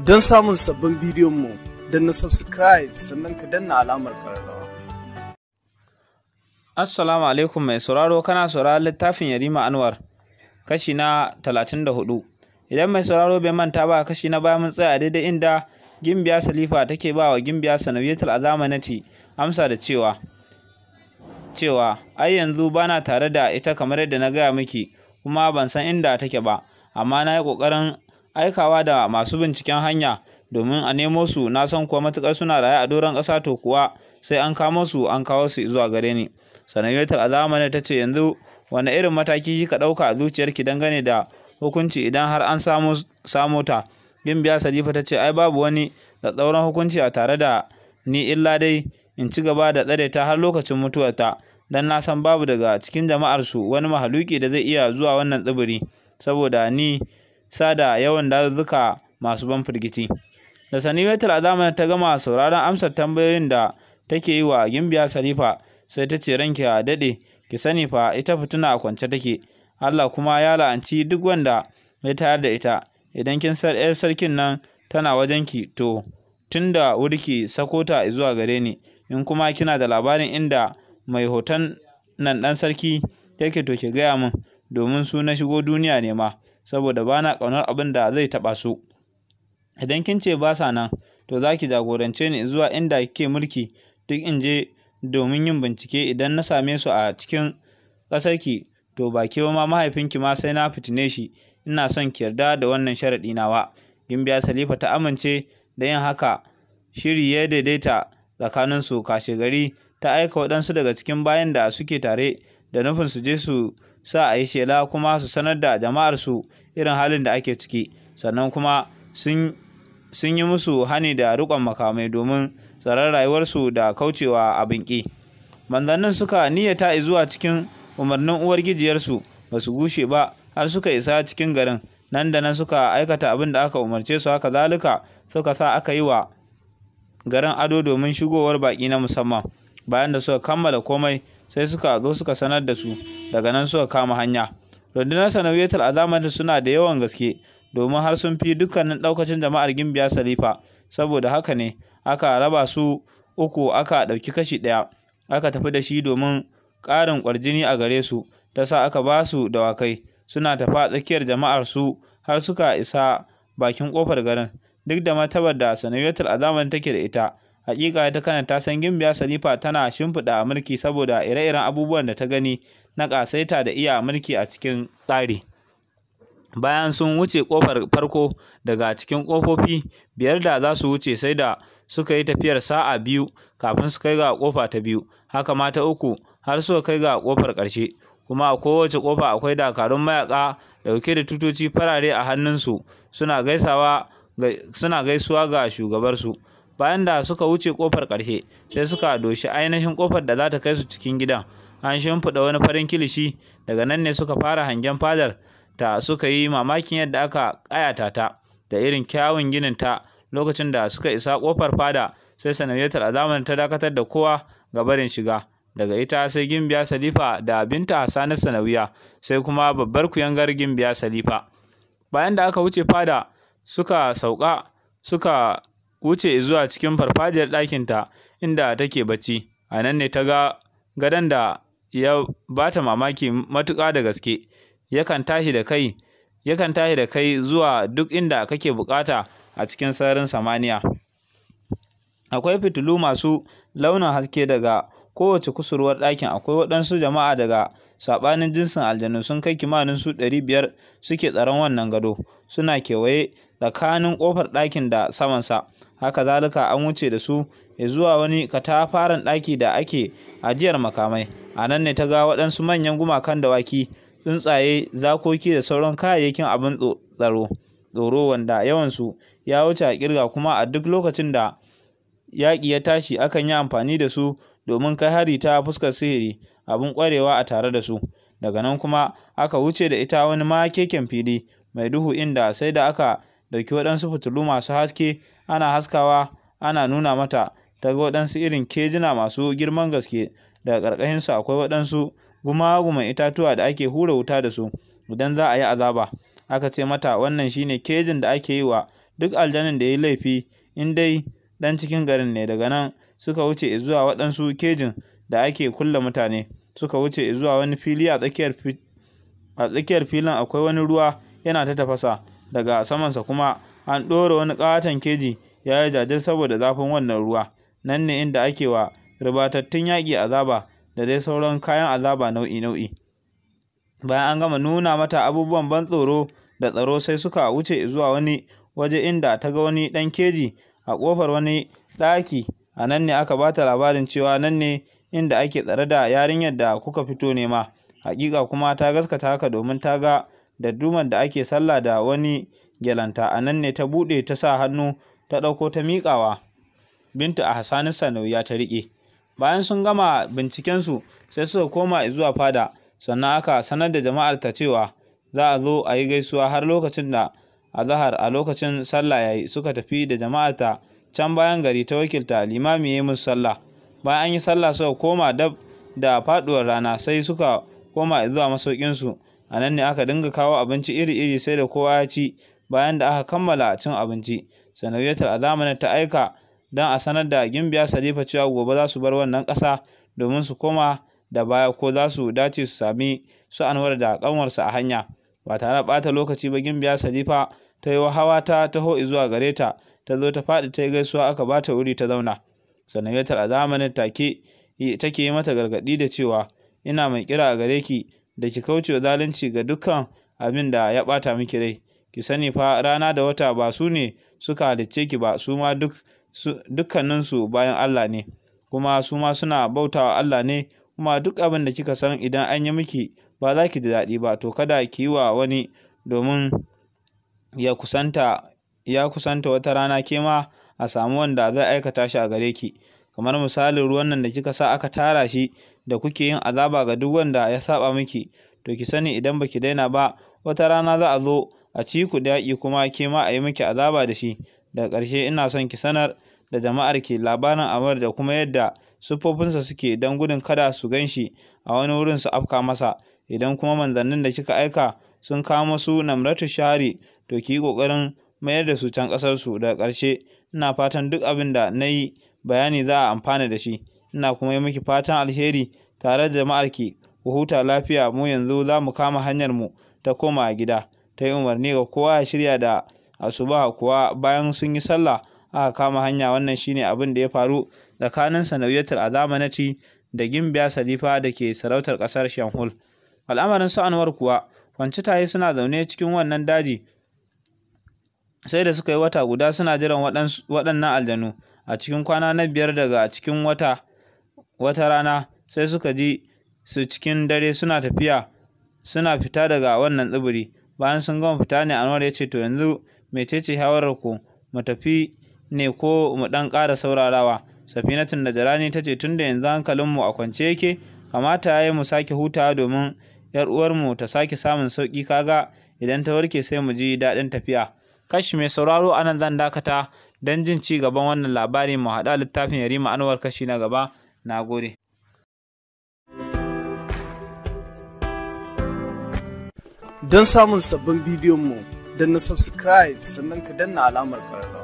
Don samun sabbin bidiyon mu, na subscribe sannan ka danna alamar kararrawa. Assalamu alaikum mai sauraro kana sauraron littafin Yarima Anwar, kashi na 34. Idan mai sauraro bai manta ba kashi na baya mun tsaya daidai inda Gimbiya Salifa take ba wa Gimbiya Sanawiyatul Azamanati amsa da cewa cewa ai yanzu bana tare da ita kamar yadda na gaya miki kuma ban san inda take ba amma na yi ƙoƙarin aikawa da masu binciken hanya domin a nemo su na san kuwa matuƙar suna raye a doron ƙasa to kuwa sai an kama su an kawo su zuwa gare ni sanayyotar a ta ce yanzu wani irin mataki ka ɗauka a zuciyarki dangane da hukunci idan har an samo ta gimbiya salifa ta ce ai babu wani tsauran hukunci a tare da ni illa dai in ci gaba da tsare ta har lokacin mutuwarta dan na san babu daga cikin jama'arsu wani mahaluki da zai iya zuwa wannan tsibiri saboda ni sada yawan dazuzzuka masu ban firgici. Da Sanimatar zamanin ta gama sauraron amsar tambayoyin da take yi wa Gimbiya Salifa sai ta ce ranki a daɗe ki sani fa ita fituna a kwance take Allah kuma ya la'anci duk wanda ya tayar da ita idan kin san ƴar sarkin nan tana wajenki to tun da wuri ki sako ta zuwa gare ni in kuma kina da labarin inda mai hoton nan ɗan sarki yake to ki gaya min domin su na shigo duniya ne ma saboda ba na ƙaunar abin da zai taɓa su idan kin ce ba sa nan to za ki jagorance ni zuwa inda kike mulki duk in je domin yin bincike idan na same su a cikin ƙasarki to ba ke ma mahaifinki ma sai na fitine shi ina son ki yarda da wannan sharaɗi nawa gimbiya salifa ta amince da yin haka shiri ya daidaita tsakaninsu kashe gari ta aika waɗansu daga cikin bayan da suke tare da nufin su je su sa a yi shela kuma su sanar da jama'ar su irin halin da ake ciki sannan kuma sun yi musu hani da rikon makamai domin tsarar rayuwarsu da kaucewa abin ƙi manzannin suka niyyata zuwa cikin umarnin uwargijiyarsu ba su gushe ba har suka isa cikin garin nan da nan suka aikata abin da aka umarce su haka zalika suka sa aka yi wa garin ado domin shigowar baƙi na musamman bayan da suka kammala komai sai suka zo suka sanar da su daga nan suka kama hanya rundunar sanawiyatul azamata suna da yawan gaske domin har sun fi dukkanin daukacin jama'ar gimbiya salifa saboda haka ne aka raba su uku aka ɗauki kashi ɗaya aka tafi da shi domin ƙarin ƙwarjini a gare su ta sa aka ba su dawakai suna tafa tsakiyar jama'ar su har suka isa bakin ƙofar garin duk da martabar da sana'yyatar azaman take da ita Hakika ita kana ta san Gimbiya Salifa tana shimfiɗa mulki saboda ire-iren abubuwan da ta gani na ƙasaita da iya mulki a cikin tsari. Bayan sun wuce kofar farko daga cikin kofofi biyar da za su wuce sai da suka yi tafiyar sa'a biyu kafin su kai ga ƙofa ta biyu, haka ma ta uku har suka kai ga kofar ƙarshe. Kuma a kowace kofa akwai dakarun mayaƙa ɗauke da tutoci farare a hannunsu suna suna gaisuwa ga shugabarsu. bayan da suka wuce kofar ƙarshe sai suka doshi ainihin kofar da za ta kai su cikin gidan an shimfiɗa wani farin kilishi daga nan ne suka fara hangen fadar ta suka yi mamakin yadda aka ƙayata ta da irin kyawun ginin ta lokacin da suka isa kofar fada sai sanayatar azaman ta dakatar da kowa ga barin shiga daga ita sai gimbiya salifa da binta hasanu sanawiya sai kuma babbar kuyangar gimbiya salifa bayan da aka wuce fada suka sauka suka wuce zuwa cikin farfajiyar ɗakinta, inda take bacci. A nan ne ta ga gadon da ya ba ta mamaki matuƙa da gaske. Yakan tashi da kai, yakan tashi da kai zuwa duk inda kake bukata a cikin sararin samaniya. Akwai fitilu masu launin haske daga kowace kusurwar ɗakin. Akwai waɗansu jama'a daga saɓanin jinsin aljanu sun kai kimanin su ɗari biyar suke tsaron wannan gado, suna kewaye tsakanin ƙofar ɗakin da samansa. haka zalika an wuce da su zuwa wani katafaren ɗaki da ake ajiyar makamai a nan ne ta ga waɗansu manyan gumakan dawaki tsuntsaye zakoki da sauran kayayyakin abin tsaro tsoro wanda yawansu ya wuce a kirga kuma a duk lokacin da yaƙi ya tashi akan yi amfani da su domin kai hari ta fuskar sihiri abin ƙwarewa a tare da su daga nan kuma aka wuce da ita wani makeken fili mai duhu inda sai da aka dauki waɗansu fitilu masu haske ana haskawa ana nuna mata ta ga waɗansu irin kejina masu girman gaske daga ƙarƙashinsu akwai waɗansu gumaguman itatuwa da ake hura wuta da su idan za a yi azaba aka ce mata wannan shine kejin da ake yi wa duk aljanin da ya yi laifi in dai ɗan cikin garin ne daga nan suka wuce zuwa waɗansu kejin da ake kulle mutane suka wuce zuwa wani fili a tsakiyar a tsakiyar filin akwai wani ruwa yana ta tafasa daga samansa kuma an ɗora wani ƙaton keji ya yi jajir saboda zafin wannan ruwa nan ne inda ake wa ribatattun yaƙi azaba da dai sauran kayan azaba nau'i-nau'i bayan an gama nuna mata abubuwan ban tsoro da tsaro sai suka wuce zuwa wani waje inda ta ga wani ɗan keji a ƙofar wani ɗaki a nan ne aka bata labarin cewa nan ne inda ake tsare da yarinyar da kuka fito nema haƙiƙa kuma ta gaskata haka domin ta ga da duman da ake sallah da wani gyalanta a nan ne ta buɗe ta sa hannu ta ɗauko ta miƙawa bintu a sanau ya ta riƙe bayan sun gama bincikensu sai suka koma zuwa fada sannan aka sanar da jama'ar ta cewa za a zo a yi gaisuwa har lokacin da azahar a lokacin sallah ya yi suka tafi da jama'ar ta can bayan gari ta wakilta limami ya yi musu sallah bayan an yi sallah suka koma dab da faduwar rana sai suka koma zuwa masaukinsu a nan ne aka dinga kawo abinci iri-iri sai da kowa ya ci bayan da aka kammala cin abinci a zamanin ta aika don a sanar da gimbiya salifa cewa gobe za su bar wannan ƙasa domin su koma da baya ko za su dace su sami su anwar da ƙanwarsa a hanya ba tare bata lokaci ba gimbiya salifa ta yi hawa ta taho zuwa gare ta ta zo ta faɗi ta yi gaisuwa aka ba ta wuri ta zauna sanayyatar a zamanin take take yi mata gargaɗi da cewa ina mai kira a gare ki da ki kauce zalunci ga dukkan abin da ya bata miki rai ki sani fa rana da wata ba su ne suka halicce ki ba su ma dukkaninsu bayan Allah ne kuma su ma suna bautawa Allah ne kuma duk abin da kika san idan an yi miki ba za ki ji daɗi ba to kada ki yi wa wani domin ya kusanta ya kusanta wata rana ke ma a samu wanda zai aikata shi a gare ki kamar misalin ruwan nan da kika sa aka tara shi da kuke yin azaba ga duk wanda ya saba miki to ki sani idan baki daina ba wata rana za a zo a ci ku daƙi kuma ke ma a yi miki azaba da shi daga ƙarshe ina son ki sanar da jama'ar ki labarin amar da kuma yadda siffofinsa suke don gudun kada su gan shi a wani wurin su afka masa idan kuma manzannin da kika aika sun kama su namratu shari to ki yi ƙoƙarin mayar da su can ƙasarsu daga ƙarshe ina fatan duk abin da na yi bayani za a amfana da shi ina kuma yi miki fatan alheri tare da ki ku huta lafiya mu yanzu za mu kama hanyar mu ta koma gida ta yi umarni ga kowa ya shirya da asuba kuwa bayan sun yi sallah aka kama hanya wannan shine abin da ya faru tsakanin sanawiyatul azamanati da gimbiya salifa da ke sarautar kasar shanhul al'amarin su anwar kuwa kwanci taye suna zaune cikin wannan daji sai da suka yi wata guda suna jiran waɗannan aljanu a cikin kwana na biyar daga cikin wata wata rana sai suka ji su cikin dare suna tafiya suna fita daga wannan tsibiri bayan sun gama fita ne anwar ya ce to yanzu mecece shawarar ku mu tafi ne ko mu dan ƙara saurarawa safinatun da jarani ta ce tunda yanzu hankalinmu a kwance yake kamata ya yi mu sake hutawa domin yar uwarmu ta sake samun sauƙi kaga idan ta warke sai mu ji daɗin tafiya kashi mai sauraro anan zan dakata don jin ci gaban wannan labari mu haɗa littafin yarima anwar kashi na gaba na gode don samun sabbin bidiyon mu na subscribe sannan ka danna alamar ƙararrawa